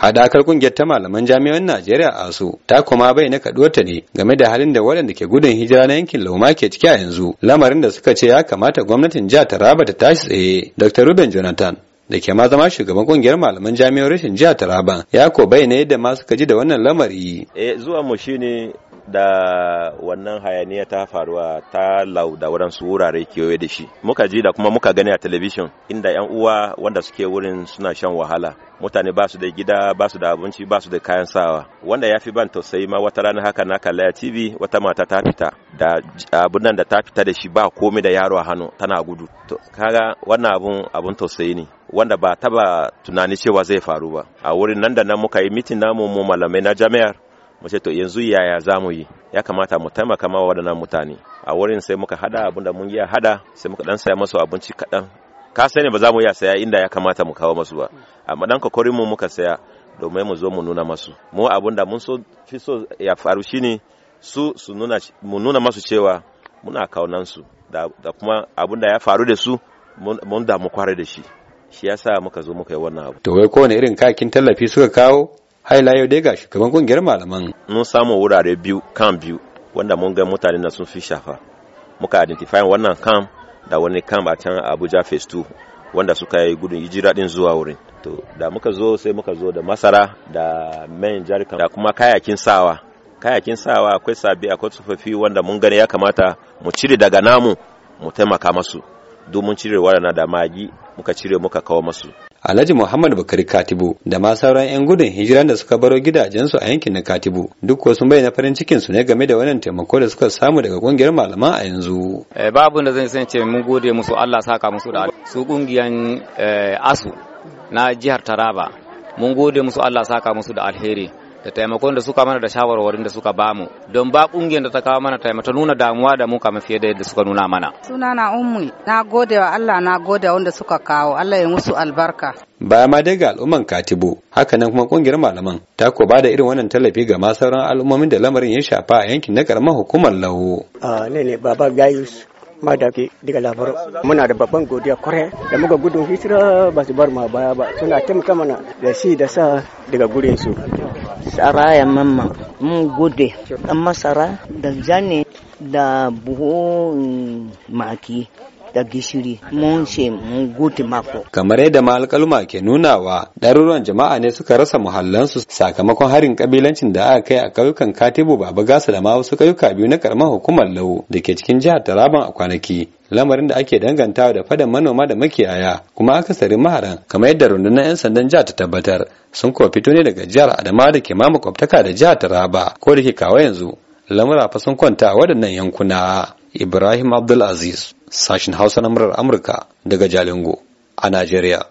hadakar kungiyar ta malaman jami'an Najeriya a su ta kuma bai na ta ne game da halin da waɗanda ke gudun hijira na yankin Lauma ke ciki a yanzu lamarin da suka ce ya kamata gwamnatin jihar Taraba ta tashi tsaye Dr. Ruben Jonathan da ke ma zama shugaban kungiyar malaman jami'ar rashin jihar Taraba ya ko na yadda ma suka ji da wannan lamari eh zuwa mu shine da wannan hayaniya ta faruwa ta lauda su wurare kewaye da shi muka ji da kuma muka gani a talabishin inda yan uwa wanda suke wurin suna shan wahala mutane ba su da gida ba su da abinci ba su da kayan sawa wanda ya fi ban tausayi ma wata rana haka na kalla ya tv wata mata ta fita da abun nan da ta fita da shi ba komai da yaro a hannu tana gudu to kaga wannan abun abun tausayi ne wanda ba taba tunani cewa zai faru ba a wurin nan da nan muka yi mitin namu mu malamai na jami'ar mu ce to yanzu yaya za mu yi ya kamata mu taimaka ma waɗannan mutane a wurin sai muka hada abin da mun yi hada sai muka dan saya masu abinci kaɗan ka sai ne ba za mu iya saya inda ya kamata mu kawo masu ba amma dan kokorin mu muka saya domin mu zo mu nuna masu mu abin da mun so fi so ya faru shine su su nuna mu nuna masu cewa muna kaunan su da, kuma abin da ya faru da su mun damu kware da shi shi yasa muka zo muka yi wannan abu to wai kowane irin kakin tallafi suka kawo haila yau dai ga shugaban kungiyar malaman mun samu wurare biyu kan biyu wanda mun ga mutane na sun fi shafa muka identify wannan kam da wani kam a can abuja phase 2 wanda suka yi gudun hijira din zuwa wurin to da muka zo sai muka zo da masara da man jarikan da kuma kayakin sawa kayakin sawa akwai sabi akwai tsofaffi wanda mun gani ya kamata mu cire daga namu mu taimaka masu domin cirewa na da magi muka cire muka kawo masu Alhaji Muhammad Bakari Katibu da ma sauran 'yan gudun hijira da suka baro gidajensu a yankin na Katibu duk wasu bayyana farin cikin su ne game da wannan taimako da suka samu daga kungiyar malaman a yanzu. Eh, babu da zan san ce mun gode musu Allah saka musu da su kungiyan eh, ASU na jihar Taraba mun gode musu Allah saka musu da alheri da taimakon da suka mana da shawarwarin da suka bamu don ba kungiyar da ta kawo mana taimako nuna damuwa da mu kama fiye da yadda suka nuna mana suna na ummi na gode wa Allah na gode wa wanda suka kawo Allah ya musu albarka baya ma dai ga al'umman katibu hakanan kuma kungiyar malaman ta ko ba da irin wannan tallafi ga masauran al'ummomin da lamarin ya shafa a yankin na karamar hukumar lawo a ne ne baba gayus ma ke daga labaru muna da babban godiya kwarai da muka gudun hijira ba su bar ma baya ba suna taimaka mana da shi da sa daga gurin su saraya mamma mun gode dan masara da zane da buhu maki da gishiri mun ce mun gote mako. Kamar yadda ma ke nunawa ɗaruruwan jama'a ne suka rasa muhallansu sakamakon harin kabilancin da aka kai a ƙauyukan Katibu Baba Gasa da ma wasu ƙauyuka biyu na karamar hukumar Lau da ke cikin jihar Taraban a kwanaki. lamarin da ake dangantawa da fadan manoma da makiyaya kuma aka sari maharan kamar yadda rundunar 'yan sandan jihar ta tabbatar sun kuwa fito ne daga jihar adama da ke makwabtaka da jihar taraba ko da ke kawo yanzu lamura fa sun kwanta a waɗannan yankuna ibrahim abdulaziz sashin hausa na murar amurka daga jalingo a najeriya